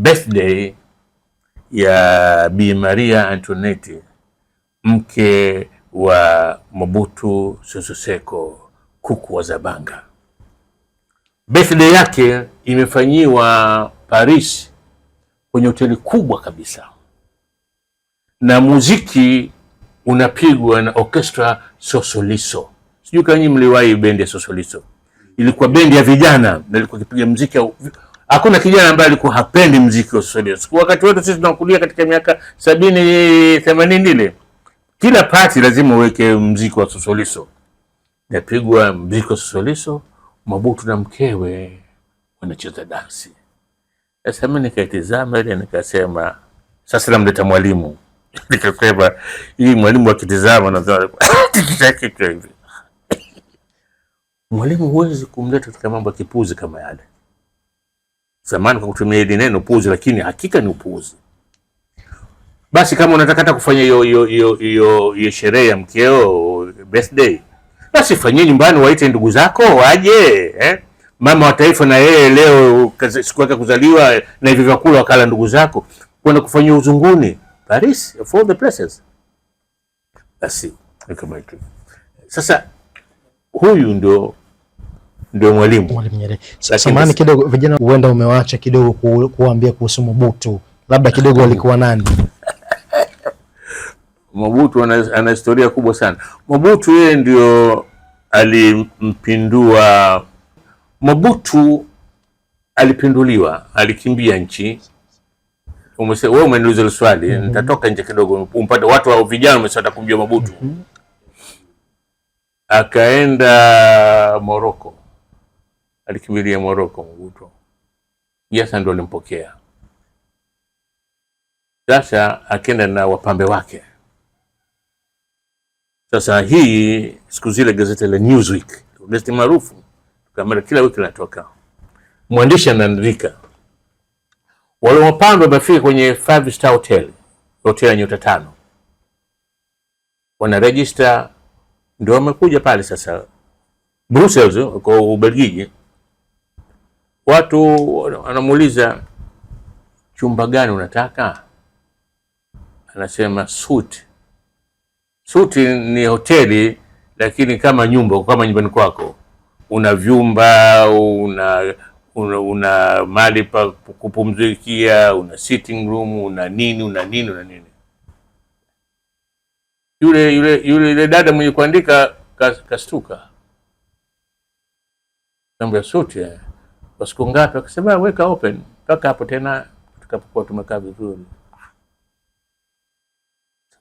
birthday ya Bi Maria Antoinette mke wa Mobutu Sese Seko kuku wa Zabanga. Birthday yake imefanyiwa Paris kwenye hoteli kubwa kabisa, na muziki unapigwa na orchestra Sosoliso. Sijui kama nyinyi mliwahi bendi ya Sosoliso, ilikuwa bendi ya vijana na ilikuwa ikipiga muziki Hakuna kijana ambaye alikuwa hapendi mziki wa Swahili. Siku Wakati wote sisi tunakulia katika miaka sabini themanini ile, kila pati lazima uweke mziki wa Sosoliso. Napigwa mziki wa Sosoliso, Mabutu na mkewe wanacheza dansi. Sasa mimi nikaitizama ile nikasema, sasa namleta mwalimu nikasema hii mwalimu akitizama na kichwa mwalimu, huwezi kumleta katika mambo ya kipuzi kama yale zamani kwa kutumia hili neno upuuzi, lakini hakika ni upuuzi. Basi kama unataka hata kufanya hiyo hiyo hiyo sherehe ya mkeo birthday, basi fanyie nyumbani, waite ndugu zako waje, eh? Mama wa taifa na yeye leo siku yake kuzaliwa, na hivyo vyakula wakala ndugu zako, kwenda kufanyia uzunguni Paris, of all the places. Basi sasa, huyu ndio ndio mwalimu Mwalimu Nyerere. Samahani kidogo, vijana huenda umewacha kidogo kuambia kuhusu Mobutu, labda kidogo alikuwa nani? Mobutu ana, ana historia kubwa sana. Mobutu yeye ndio alimpindua. Mobutu alipinduliwa, alikimbia nchi. Wewe umeniuliza hilo swali mm -hmm. Nitatoka nje kidogo umpate watu wa vijana umesata kumjua Mobutu mm -hmm. Akaenda Moroko alikimbilia Moroko Mobutu. Jasa ndo alimpokea. Sasa akenda na wapambe wake. Sasa hii siku zile gazeti la Newsweek, gazeti maarufu kamera kila wiki linatoka, mwandishi anaandika wale wapambe wamefika kwenye five star hotel, hotel ya nyota tano, wana register, ndio wamekuja pale sasa Brussels, kwa Ubelgiji watu wanamuuliza chumba gani unataka? Anasema suite. Suite ni hoteli lakini kama nyumba, kama nyumbani kwako, una vyumba, una una, una mali pa kupumzikia, una sitting room, una nini una nini una nini. Yule yule yule yule dada mwenye kuandika kas, kastuka mambo ya eh? kwa siku ngapi? Akasema weka open mpaka hapo tena tukapokuwa tumekaa vizuri.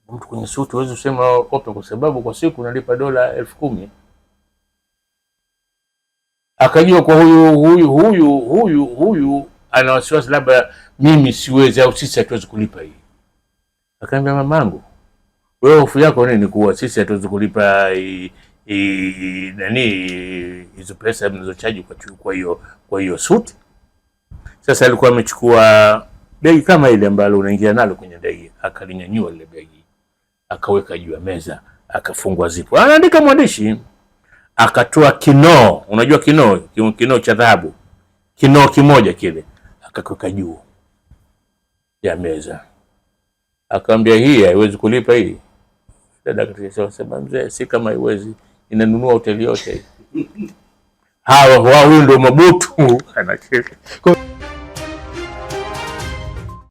Mtu kwenye suti huwezi kusema open, kwa sababu kwa siku unalipa dola elfu kumi. Akajua kwa huyu huyu huyu huyu huyu ana wasiwasi, labda mimi siwezi au sisi hatuwezi kulipa hii. Akaambia mamangu, wewe hofu yako nini kuwa sisi hatuwezi kulipa hii i, nani hizo pesa mnazochaji kwa chuo, kwa hiyo kwa hiyo suti. Sasa alikuwa amechukua begi kama ile ambalo unaingia nalo kwenye ndege, akalinyanyua lile begi akaweka juu ya meza, akafungwa zipo. Anaandika mwandishi, akatoa kinoo, unajua kinoo, kinoo cha dhahabu, kinoo kimoja kile, akakweka juu ya meza, akamwambia hii haiwezi kulipa hii. Dada akasema, mzee, si kama haiwezi inanunua hoteli yote hawa. Huyu ndio Mabutu anacheka.